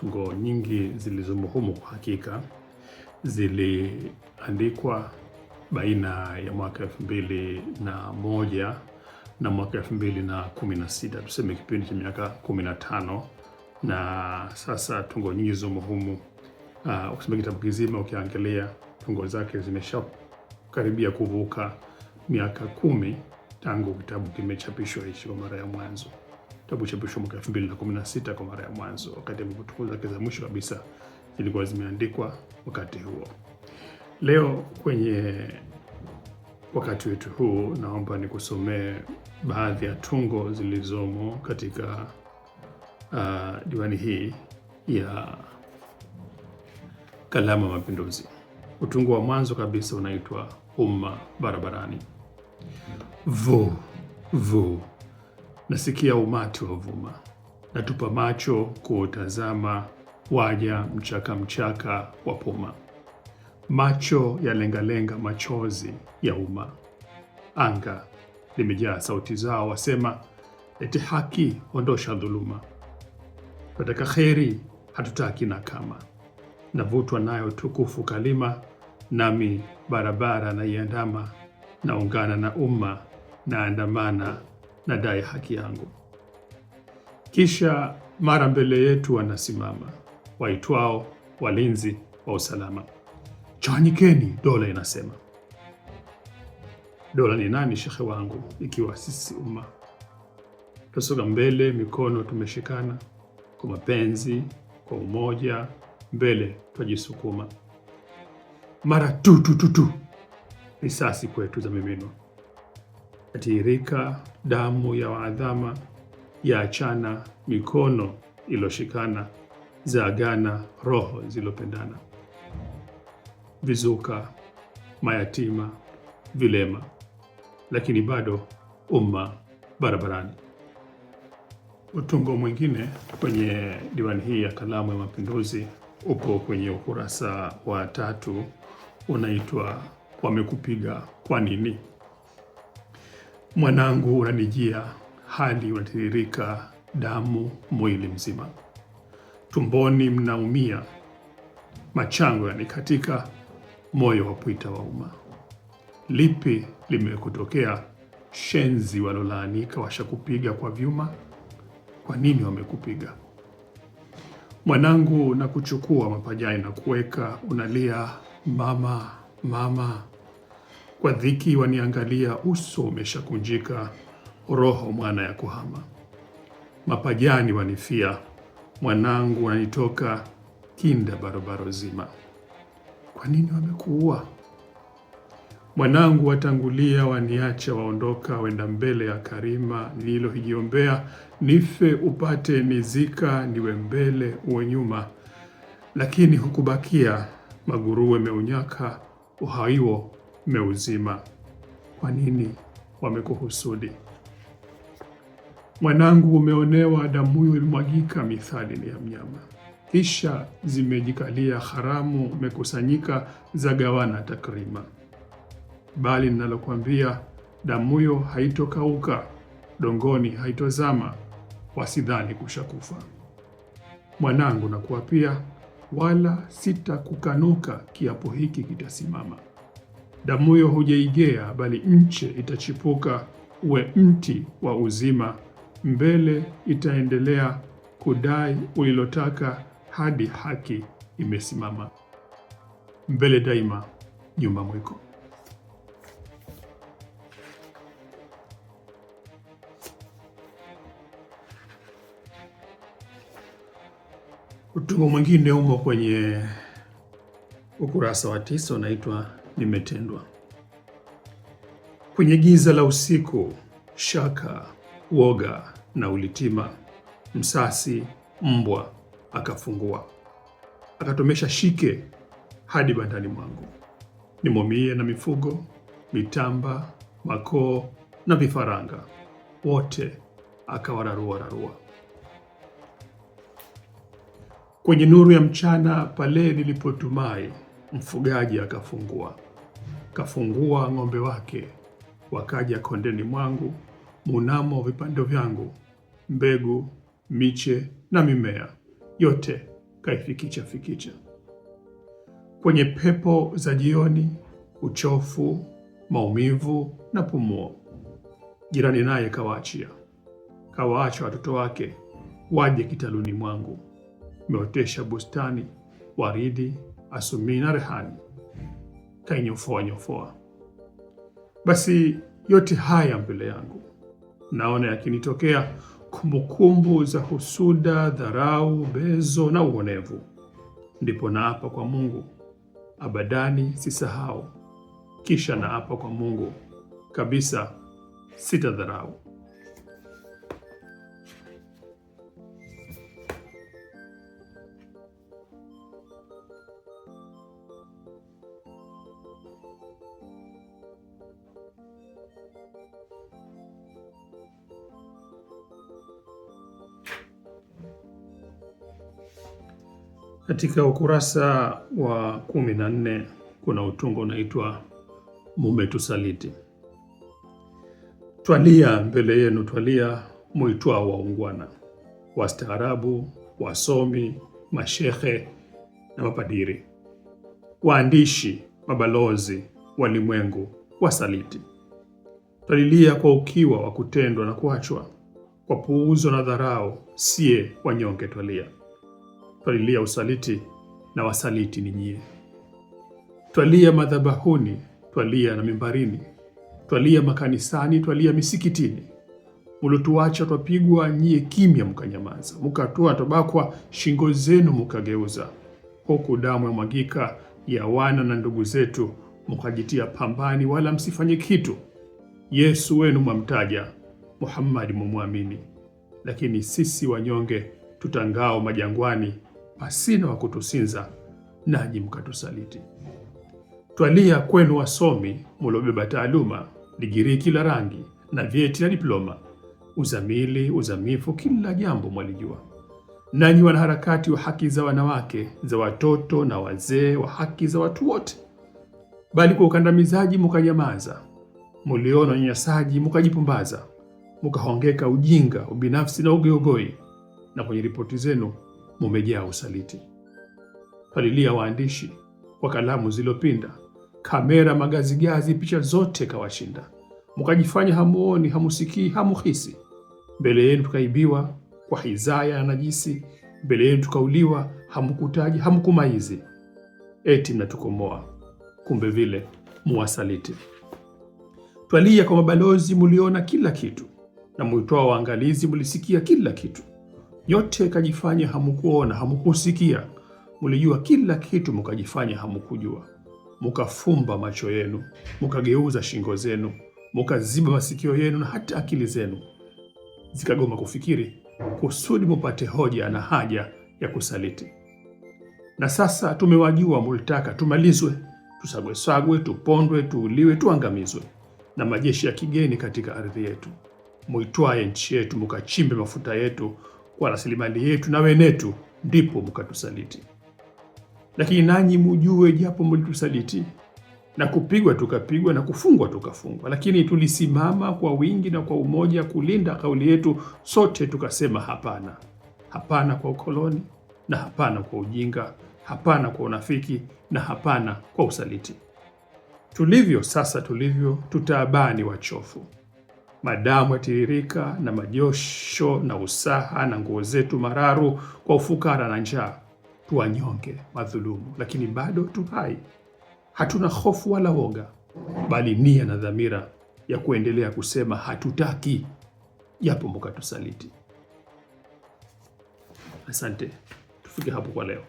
tungo nyingi zilizomo humo kwa hakika ziliandikwa baina ya mwaka elfu mbili na moja na mwaka elfu mbili na kumi na sita tuseme kipindi cha miaka kumi na tano na sasa tungo nyingi zilizomo humu uh, ah, ukisema kitabu kizima ukiangalia tungo zake zimeshakaribia kuvuka miaka kumi tangu kitabu kimechapishwa hichi kwa mara ya mwanzo kitabu cha Mwisho mwaka 2016 kwa mara ya mwanzo, wakati ambapo tunu zake za mwisho kabisa zilikuwa zimeandikwa wakati huo. Leo kwenye wakati wetu huu, naomba nikusomee baadhi ya tungo zilizomo katika uh, diwani hii ya Kalamu ya Mapinduzi. Utungo wa mwanzo kabisa unaitwa Umma Barabarani. vu vu Nasikia umati wa vuma natupa macho kuutazama, waja mchakamchaka wa puma, macho yalengalenga machozi ya umma. Anga limejaa sauti zao, wasema eti haki, ondosha dhuluma, twataka kheri, hatutaki na kama. Navutwa nayo tukufu kalima, nami barabara naiandama, naungana na umma, naandamana nadai haki yangu. Kisha mara mbele yetu wanasimama waitwao walinzi wa usalama. Chanyikeni, dola inasema. Dola ni nani, shekhe wangu, ikiwa sisi umma? Tutasonga mbele, mikono tumeshikana kwa mapenzi, kwa umoja, mbele twajisukuma. Mara tu tu tu tu, risasi kwetu za miminwa yatiririka damu ya waadhama, yaachana mikono iliyoshikana, agana roho zilopendana, vizuka mayatima, vilema, lakini bado umma barabarani. Utungo mwingine kwenye diwani hii ya Kalamu ya Mapinduzi upo kwenye ukurasa wa tatu, unaitwa Wamekupiga kwa nini? Mwanangu, unanijia hali unatiririka damu mwili mzima, tumboni mnaumia, machango yanikatika, moyo wa pwita wa umma Lipi limekutokea? Shenzi walolaanika washakupiga kwa vyuma, kwa nini wamekupiga? Mwanangu, nakuchukua mapajani na kuweka unalia, mama, mama. Kwa dhiki waniangalia, uso umeshakunjika, roho mwana ya kuhama. Mapajani wanifia, mwanangu wanitoka, kinda barobaro zima. Kwa nini wamekuua? Mwanangu watangulia, waniacha waondoka, wenda mbele ya karima nililohijiombea, nife upate nizika, niwe mbele uwe nyuma. Lakini hukubakia, maguruwe meunyaka, uhaiwo meuzima. Kwa nini wamekuhusudi? Mwanangu, umeonewa, damu hiyo ilimwagika mithali ya mnyama, kisha zimejikalia haramu, umekusanyika za gawana takrima. Bali ninalokwambia damu hiyo haitokauka, dongoni haitozama, wasidhani kushakufa. Mwanangu, nakuapia wala sitakukanuka, kiapo hiki kitasimama. Damu hiyo hujaigea, bali nche itachipuka uwe mti wa uzima. Mbele itaendelea kudai ulilotaka hadi haki imesimama. Mbele daima, nyuma mwiko. Utungo mwingine umo kwenye ukurasa wa tisa unaitwa nimetendwa Kwenye giza la usiku, shaka, woga na ulitima, msasi mbwa akafungua, akatomesha shike hadi bandani mwangu, nimomie na mifugo, mitamba, makoo na vifaranga wote akawararua rarua. Kwenye nuru ya mchana pale nilipotumai, mfugaji akafungua kafungua ng'ombe wake, wakaja kondeni mwangu munamo vipando vyangu, mbegu, miche na mimea yote kaifikicha fikicha. Kwenye pepo za jioni, uchofu, maumivu na pumuo, jirani naye kawaachia, kawaacha watoto wake waje kitaluni mwangu, meotesha bustani waridi, asumii na rehani kainyofoa nyofoa. Basi yote haya mbele yangu naona yakinitokea, kumbukumbu za husuda, dharau, bezo na uonevu, ndipo naapa kwa Mungu abadani sisahau, kisha naapa kwa Mungu kabisa sitadharau. Katika ukurasa wa kumi na nne kuna utungo unaitwa mume tusaliti. Twalia mbele yenu, twalia mwitwao waungwana, wastaarabu, wasomi, mashehe na mapadiri, waandishi, mabalozi, walimwengu, wasaliti. Twalilia kwa ukiwa wa kutendwa na kuachwa, kwa puuzo na dharau, sie wanyonge twalia twalilia usaliti na wasaliti ni nyie. Twalia madhabahuni, twalia na mimbarini, twalia makanisani, twalia misikitini. Mulituacha twapigwa, nyie kimya mkanyamaza mukatoa tobakwa shingo zenu mukageuza, huku damu ya mwagika ya wana na ndugu zetu, mukajitia pambani, wala msifanye kitu. Yesu wenu mwamtaja, Muhammadi mumwamini, lakini sisi wanyonge tutangao majangwani pasina wa kutusinza, nanyi mkatusaliti. Twalia kwenu wasomi mulobeba taaluma, Ligiriki la rangi na vyeti na diploma, uzamili uzamifu, kila jambo mwalijua. Nanyi wanaharakati wa haki za wanawake, za watoto na wazee, wa haki za watu wote, bali kwa ukandamizaji mukanyamaza, muliona unyanyasaji mukajipumbaza, mukahongeka ujinga, ubinafsi na ugeugoi, na kwenye ripoti zenu mumejaa usaliti. Palilia waandishi kwa kalamu zilopinda, kamera, magazigazi, picha zote kawashinda. Mukajifanya hamuoni, hamusikii, hamuhisi. Mbele yenu tukaibiwa kwa hizaya na najisi, mbele yenu tukauliwa, hamukutaji, hamukumaizi. Eti mnatukomoa, kumbe vile muwasaliti. Twalia kwa mabalozi, muliona kila kitu, na mwitoa waangalizi, mulisikia kila kitu. Yote kajifanya hamukuona, hamukusikia, mulijua kila kitu, mukajifanya hamukujua, mukafumba macho yenu, mukageuza shingo zenu, mukaziba masikio yenu, na hata akili zenu zikagoma kufikiri, kusudi mupate hoja na haja ya kusaliti. Na sasa tumewajua, mulitaka tumalizwe, tusagwesagwe, tupondwe, tuuliwe, tuangamizwe na majeshi ya kigeni katika ardhi yetu, muitwaye nchi yetu, mukachimbe mafuta yetu kwa rasilimali yetu na wenetu, ndipo mkatusaliti. Lakini nanyi mujue, japo mlitusaliti na kupigwa tukapigwa na kufungwa tukafungwa, lakini tulisimama kwa wingi na kwa umoja kulinda kauli yetu. Sote tukasema hapana, hapana kwa ukoloni na hapana kwa ujinga, hapana kwa unafiki na hapana kwa usaliti. Tulivyo sasa, tulivyo tutaabani wachofu madamu yatiririka na majosho na usaha na nguo zetu mararu kwa ufukara na njaa. Tuwanyonge madhulumu, lakini bado tu hai. Hatuna hofu wala woga, bali nia na dhamira ya kuendelea kusema hatutaki, japo mukatusaliti. Asante, tufike hapo kwa leo.